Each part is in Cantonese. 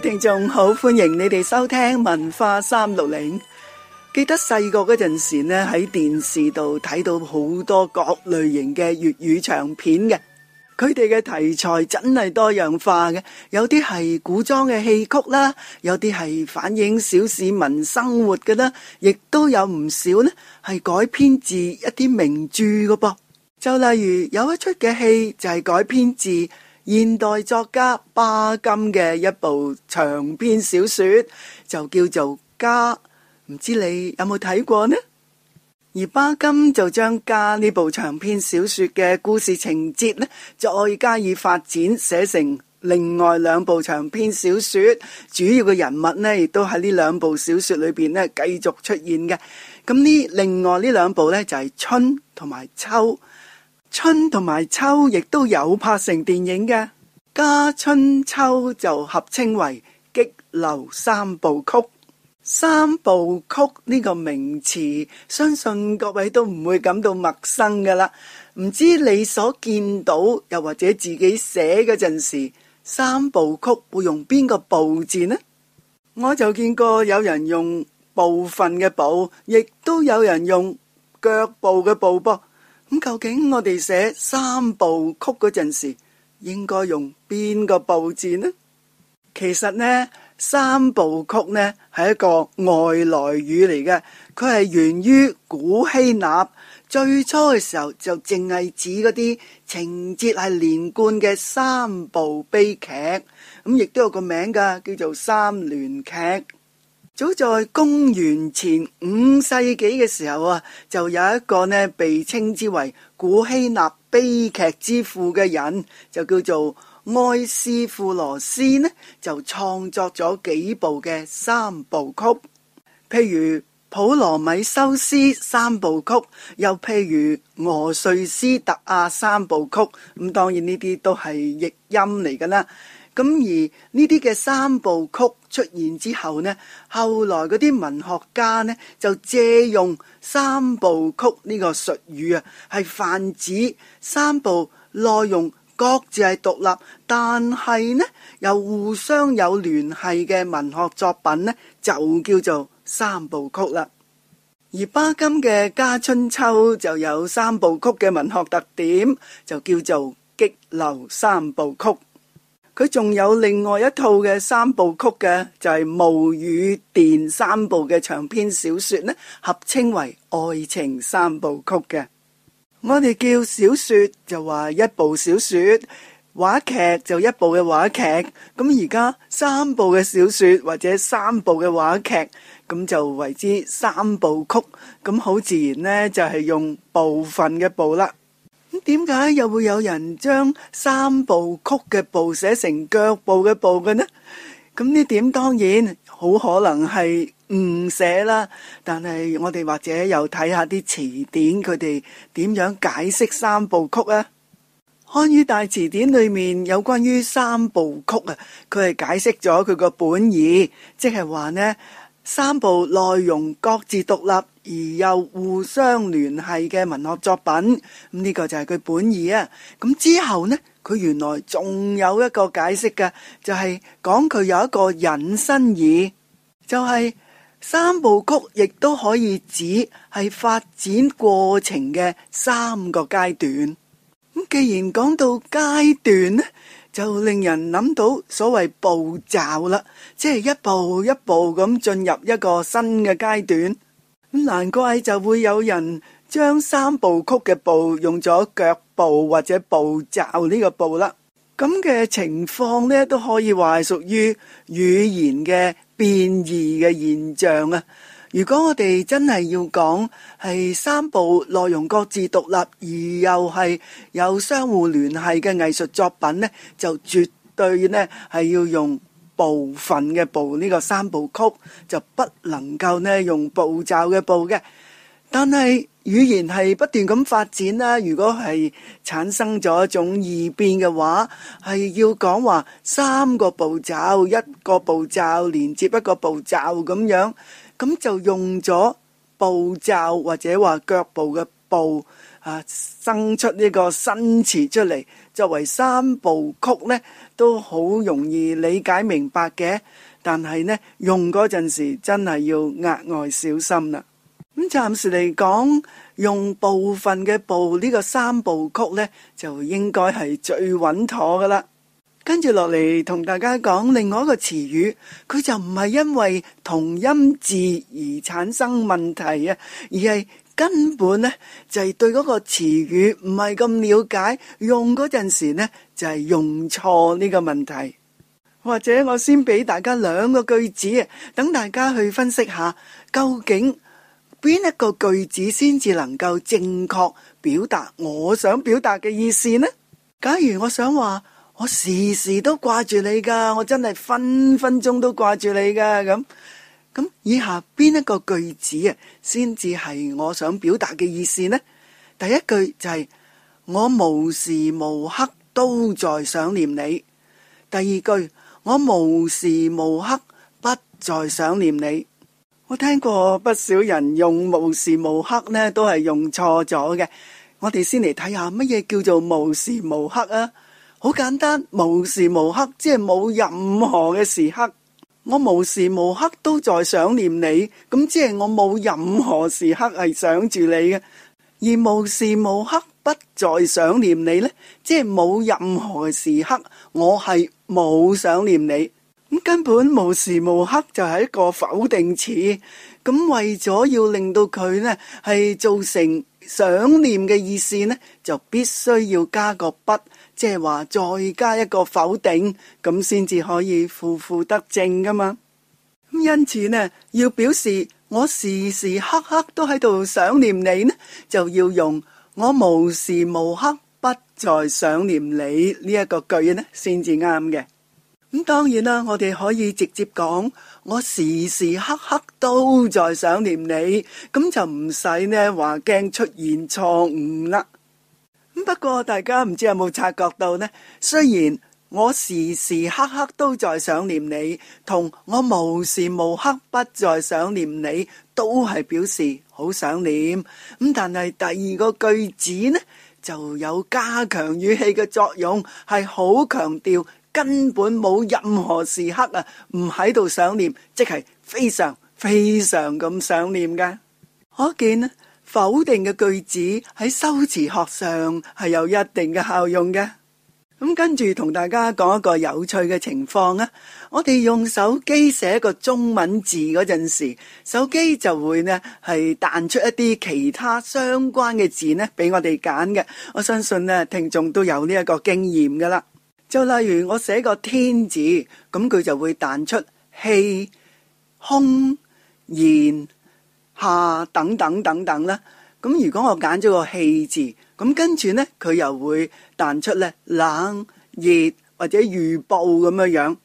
聽眾好，歡迎你哋收聽文化三六零。記得細個嗰陣時呢，喺電視度睇到好多各類型嘅粵語長片嘅，佢哋嘅題材真係多樣化嘅，有啲係古裝嘅戲曲啦，有啲係反映小市民生活嘅啦，亦都有唔少呢係改編自一啲名著嘅噃。就例如有一出嘅戲就係改編自。現代作家巴金嘅一部長篇小說就叫做《家》，唔知你有冇睇過呢？而巴金就將《家》呢部長篇小說嘅故事情節呢，再加以發展，寫成另外兩部長篇小說，主要嘅人物呢，亦都喺呢兩部小說裏邊呢繼續出現嘅。咁呢另外呢兩部呢，就係、是《春》同埋《秋》。春同埋秋亦都有拍成電影嘅，家春秋就合稱為激流三部曲。三部曲呢個名詞，相信各位都唔會感到陌生噶啦。唔知你所見到，又或者自己寫嗰陣時，三部曲會用邊個部字呢？我就見過有人用部分嘅部，亦都有人用腳步嘅步噃。咁究竟我哋寫三部曲嗰陣時應該用邊個部字呢？其實呢，三部曲呢係一個外來語嚟嘅，佢係源於古希臘。最初嘅時候就淨係指嗰啲情節係連貫嘅三部悲劇，咁亦都有個名噶，叫做三聯劇。早在公元前五世紀嘅時候啊，就有一個呢被稱之為古希臘悲劇之父嘅人，就叫做埃斯庫羅斯呢，就創作咗幾部嘅三部曲，譬如《普羅米修斯》三部曲，又譬如《俄瑞斯特亞》三部曲，咁當然呢啲都係譯音嚟噶啦。咁而呢啲嘅三部曲出現之後呢，後來嗰啲文學家呢就借用三部曲呢個術語啊，係泛指三部內容各自係獨立，但係呢又互相有聯繫嘅文學作品呢，就叫做三部曲啦。而巴金嘅《家春秋》就有三部曲嘅文學特點，就叫做激流三部曲。佢仲有另外一套嘅三部曲嘅，就係《霧》《雨》《電》三部嘅長篇小說呢，合稱為愛情三部曲嘅。我哋叫小說就話一部小說，話劇就一部嘅話劇。咁而家三部嘅小說或者三部嘅話劇，咁就為之三部曲。咁好自然呢，就係用部分嘅部啦。咁點解又會有人將三部曲嘅部寫成腳部嘅部嘅呢？咁呢點當然好可能係誤寫啦。但係我哋或者又睇下啲詞典，佢哋點樣解釋三部曲啊？漢語大詞典裏面有關於三部曲啊，佢係解釋咗佢個本意，即係話呢三部內容各自獨立，而又互相聯繫嘅文學作品，咁、這、呢個就係佢本意啊。咁之後呢，佢原來仲有一個解釋嘅，就係講佢有一個引申義，就係、是、三部曲亦都可以指係發展過程嘅三個階段。既然講到階段呢，就令人諗到所謂步驟啦，即、就、係、是、一步一步咁進入一個新嘅階段。難怪就會有人將三部曲嘅部用咗腳步或者步驟呢個步啦。咁嘅情況呢，都可以話係屬於語言嘅變異嘅現象啊。如果我哋真係要講係三部內容各自獨立而又係有相互聯繫嘅藝術作品呢，就絕對呢係要用。部分嘅步呢、這個三部曲就不能夠呢用步驟嘅步嘅，但係語言係不斷咁發展啦。如果係產生咗一種異變嘅話，係要講話三個步驟，一個步驟連接一個步驟咁樣，咁就用咗步驟或者話腳步嘅步。啊，生出呢個新詞出嚟，作為三部曲呢，都好容易理解明白嘅。但係呢，用嗰陣時真係要額外小心啦。咁、嗯、暫時嚟講，用部分嘅部呢個三部曲呢，就應該係最穩妥噶啦。跟住落嚟同大家講另外一個詞語，佢就唔係因為同音字而產生問題啊，而係。根本呢，就係對嗰個詞語唔係咁了解，用嗰陣時呢，就係用錯呢個問題。或者我先俾大家兩個句子，等大家去分析下，究竟邊一個句子先至能夠正確表達我想表達嘅意思呢？假如我想話，我時時都掛住你噶，我真係分分鐘都掛住你噶咁。咁以下邊一個句子啊，先至係我想表達嘅意思呢？第一句就係我無時無刻都在想念你。第二句我無時無刻不在想念你。我聽過不少人用無時無刻呢，都係用錯咗嘅。我哋先嚟睇下乜嘢叫做無時無刻啊？好簡單，無時無刻即係冇任何嘅時刻。我無時無刻都在想念你，咁即係我冇任何時刻係想住你嘅；而無時無刻不在想念你呢？即係冇任何時刻我係冇想念你。根本無時無刻就係一個否定詞，咁為咗要令到佢呢係造成想念嘅意思呢，就必須要加個不，即係話再加一個否定，咁先至可以負負得正噶嘛。因此呢，要表示我時時刻刻都喺度想念你呢，就要用我無時無刻不在想念你呢一個句呢，先至啱嘅。咁當然啦，我哋可以直接講，我時時刻刻都在想念你，咁就唔使呢話驚出現錯誤啦。不過大家唔知有冇察覺到呢？雖然我時時刻刻都在想念你，同我無時無刻不在想念你，都係表示好想念。咁但係第二個句子呢，就有加強語氣嘅作用，係好強調。根本冇任何時刻啊，唔喺度想念，即係非常非常咁想念㗎。可見呢，否定嘅句子喺修辭學上係有一定嘅效用嘅。咁跟住同大家講一個有趣嘅情況啊！我哋用手機寫個中文字嗰陣時，手機就會呢係彈出一啲其他相關嘅字呢俾我哋揀嘅。我相信呢，聽眾都有呢一個經驗噶啦。就例如我寫個天字，咁佢就會彈出氣、空、言、下等等等等啦。咁如果我揀咗個氣字，咁跟住呢，佢又會彈出咧冷、熱或者預報咁嘅樣。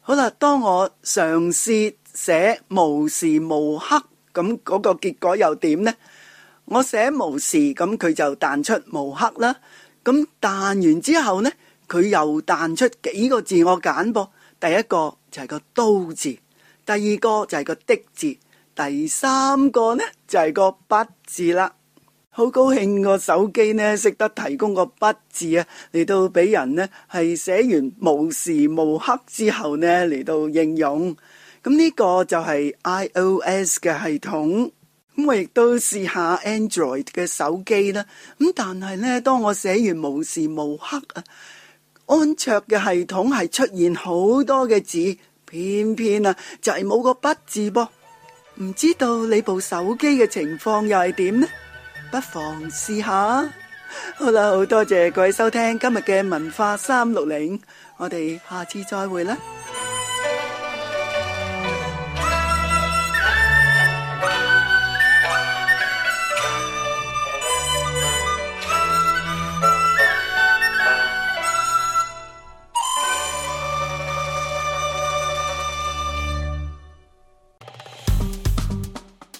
好啦，當我嘗試寫無時無刻，咁嗰個結果又點呢？我寫無時，咁佢就彈出無刻啦。咁彈完之後呢？佢又彈出幾個字，我揀噃。第一個就係個刀字，第二個就係個的字，第三個呢就係個筆字啦。好高興個手機呢識得提供個筆字啊，嚟到俾人呢，係寫完無時無刻之後呢，嚟到應用。咁呢個就係 iOS 嘅系統。咁我亦都試下 Android 嘅手機啦。咁但係呢，當我寫完無時無刻啊～安卓嘅系統係出現好多嘅字，偏偏啊就係冇個筆字噃，唔知道你部手機嘅情況又係點呢？不妨試下。好啦，好多謝各位收聽今日嘅文化三六零，我哋下次再會啦。